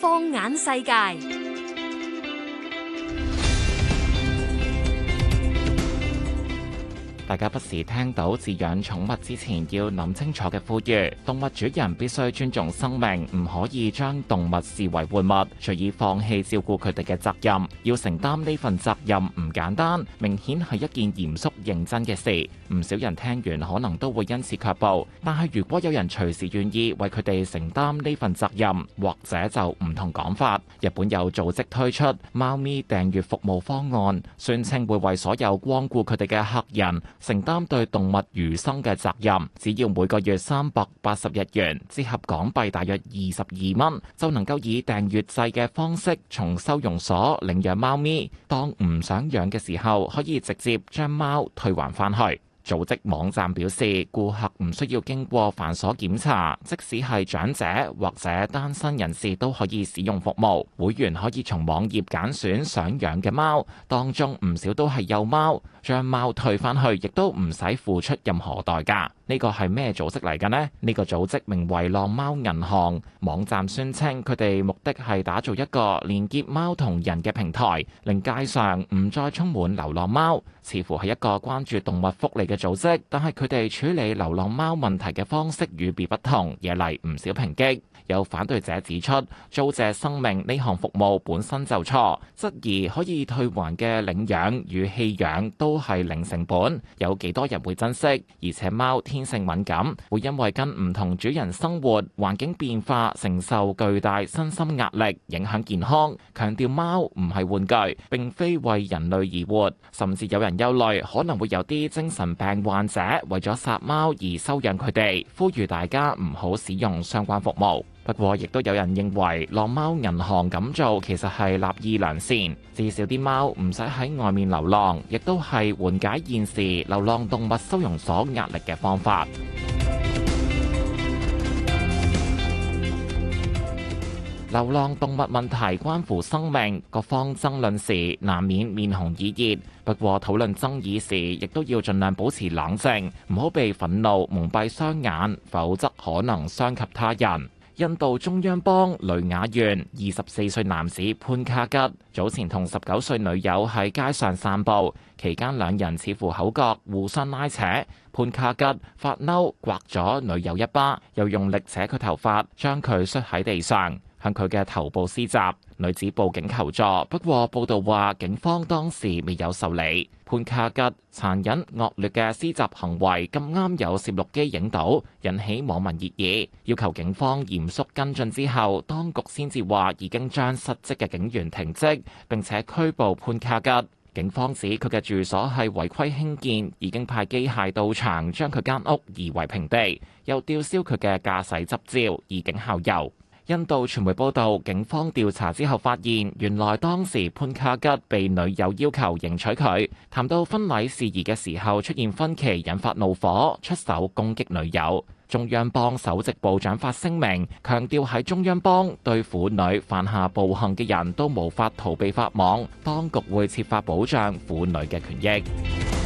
放眼世界。大家不時聽到飼養寵物之前要諗清楚嘅呼籲，動物主人必須尊重生命，唔可以將動物視為玩物，隨意放棄照顧佢哋嘅責任。要承擔呢份責任唔簡單，明顯係一件嚴肅認真嘅事。唔少人聽完可能都會因此卻步，但係如果有人隨時願意為佢哋承擔呢份責任，或者就唔同講法。日本有組織推出貓咪訂閱服務方案，宣稱會為所有光顧佢哋嘅客人。承擔對動物餘生嘅責任，只要每個月三百八十日元，折合港幣大約二十二蚊，就能夠以訂閱制嘅方式從收容所領養貓咪。當唔想養嘅時候，可以直接將貓退還返去。組織網站表示，顧客唔需要經過繁瑣檢查，即使係長者或者單身人士都可以使用服務。會員可以從網頁揀選想養嘅貓，當中唔少都係幼貓，將貓退返去亦都唔使付出任何代價。呢個係咩組織嚟㗎呢？呢個組織名為浪貓銀行，網站宣稱佢哋目的係打造一個連結貓同人嘅平台，令街上唔再充滿流浪貓。似乎係一個關注動物福利嘅組織，但係佢哋處理流浪貓問題嘅方式與別不同，惹嚟唔少抨擊。有反對者指出，租借生命呢項服務本身就錯，質疑可以退還嘅領養與棄養都係零成本，有幾多人會珍惜？而且貓，天性敏感，會因為跟唔同主人生活，環境變化，承受巨大身心壓力，影響健康。強調貓唔係玩具，並非為人類而活，甚至有人憂慮可能會有啲精神病患者為咗殺貓而收養佢哋，呼籲大家唔好使用相關服務。不過，亦都有人認為浪貓銀行咁做其實係立意良善，至少啲貓唔使喺外面流浪，亦都係緩解現時流浪動物收容所壓力嘅方法。流浪動物問題關乎生命，各方爭論時難免面紅耳熱。不過，討論爭議時亦都要盡量保持冷靜，唔好被憤怒蒙蔽雙眼，否則可能傷及他人。印度中央邦雷雅縣二十四歲男子潘卡吉早前同十九歲女友喺街上散步，期間兩人似乎口角，互相拉扯。潘卡吉發嬲，刮咗女友一巴，又用力扯佢頭髮，將佢摔喺地上，向佢嘅頭部施襲，女子報警求助。不過報道話，警方當時未有受理。判卡吉殘忍惡劣嘅施襲行為咁啱有攝錄機影到，引起網民熱議，要求警方嚴肅跟進。之後當局先至話已經將失職嘅警員停職，並且拘捕判卡吉。警方指佢嘅住所係違規興建，已經派機械到場將佢間屋夷為平地，又吊銷佢嘅駕駛執照以儆效尤。印度傳媒報道，警方調查之後發現，原來當時潘卡吉被女友要求迎娶佢，談到婚禮事宜嘅時候出現分歧，引發怒火，出手攻擊女友。中央邦首席部長發聲明強調，在中央邦對婦女犯下暴行嘅人都無法逃避法網，當局會設法保障婦女嘅權益。